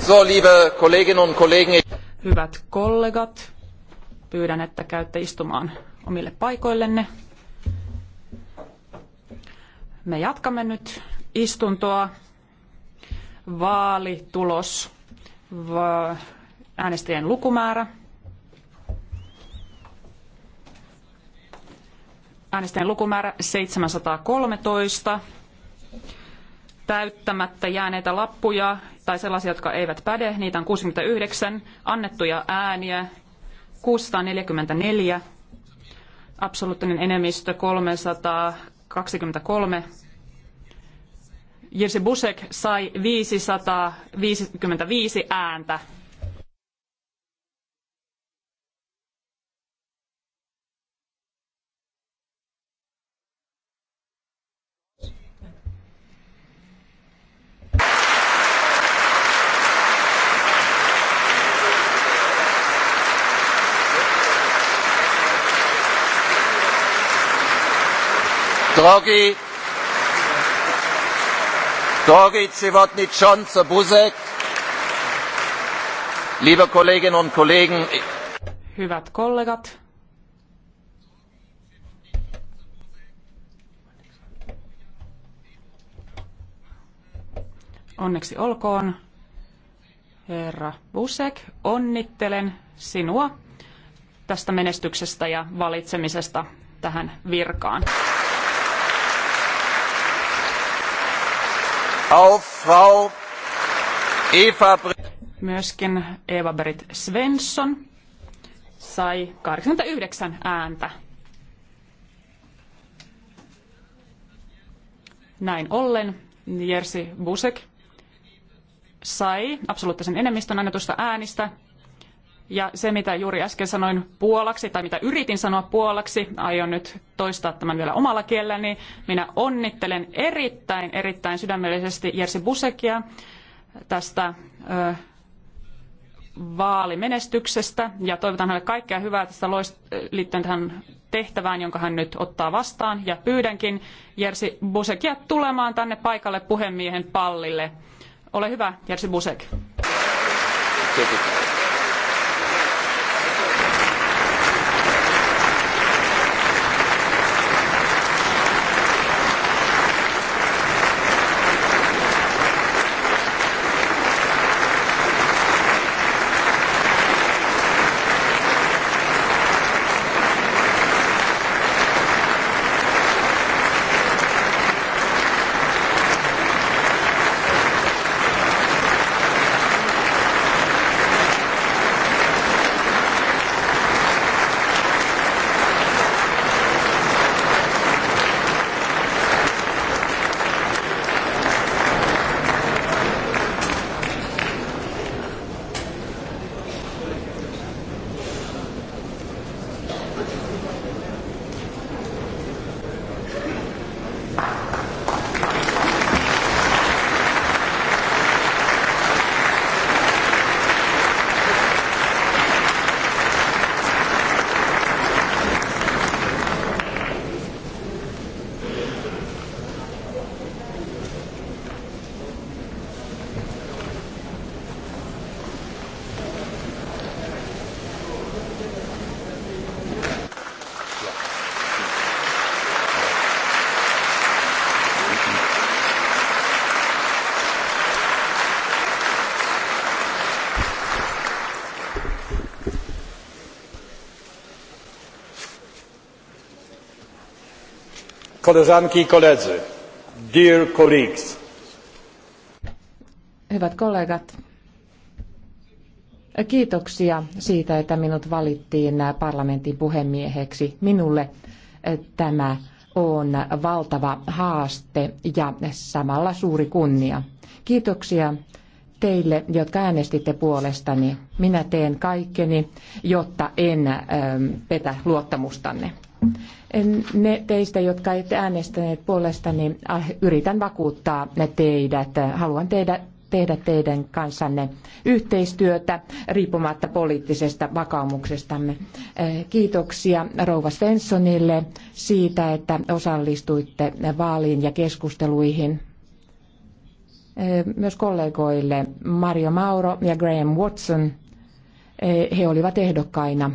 So, liebe Kolleginnen und Kollegen. Hyvät kollegat, pyydän, että käytte istumaan omille paikoillenne. Me jatkamme nyt istuntoa. Vaalitulos, äänestäjien lukumäärä. Äänestäjien lukumäärä 713 täyttämättä jääneitä lappuja tai sellaisia, jotka eivät päde. Niitä on 69 annettuja ääniä, 644, absoluuttinen enemmistö 323. Jirsi Busek sai 555 ääntä. Drogi, Drogi Zivotnichonze Busek, liebe Kolleginnen und Kollegen, Hyvät kollegat, onneksi olkoon, herra Busek, onnittelen sinua tästä menestyksestä ja valitsemisesta tähän virkaan. auf Frau Eva Myöskin Eva Berit Svensson sai 89 ääntä. Näin ollen Jerzy Busek sai absoluuttisen enemmistön annetusta äänistä ja se, mitä juuri äsken sanoin puolaksi, tai mitä yritin sanoa puolaksi, aion nyt toistaa tämän vielä omalla kielelläni, minä onnittelen erittäin, erittäin sydämellisesti Jerzy Busekia tästä ö, vaalimenestyksestä ja toivotan hänelle kaikkea hyvää tästä loist- liittyen tähän tehtävään, jonka hän nyt ottaa vastaan. Ja pyydänkin Jerzy Busekia tulemaan tänne paikalle puhemiehen pallille. Ole hyvä, Jerzy Busek. Kiitos. Koleżanki i koledzy, dear colleagues. Hyvät kollegat, kiitoksia siitä, että minut valittiin parlamentin puhemieheksi. Minulle tämä on valtava haaste ja samalla suuri kunnia. Kiitoksia teille, jotka äänestitte puolestani. Minä teen kaikkeni, jotta en ähm, petä luottamustanne. Ne teistä, jotka ette äänestäneet puolesta, niin ah, yritän vakuuttaa ne teidät. Haluan tehdä, tehdä teidän kanssanne yhteistyötä riippumatta poliittisesta vakaumuksestamme. Eh, kiitoksia Rouva Svenssonille siitä, että osallistuitte vaaliin ja keskusteluihin. Eh, myös kollegoille Mario Mauro ja Graham Watson, eh, he olivat ehdokkaina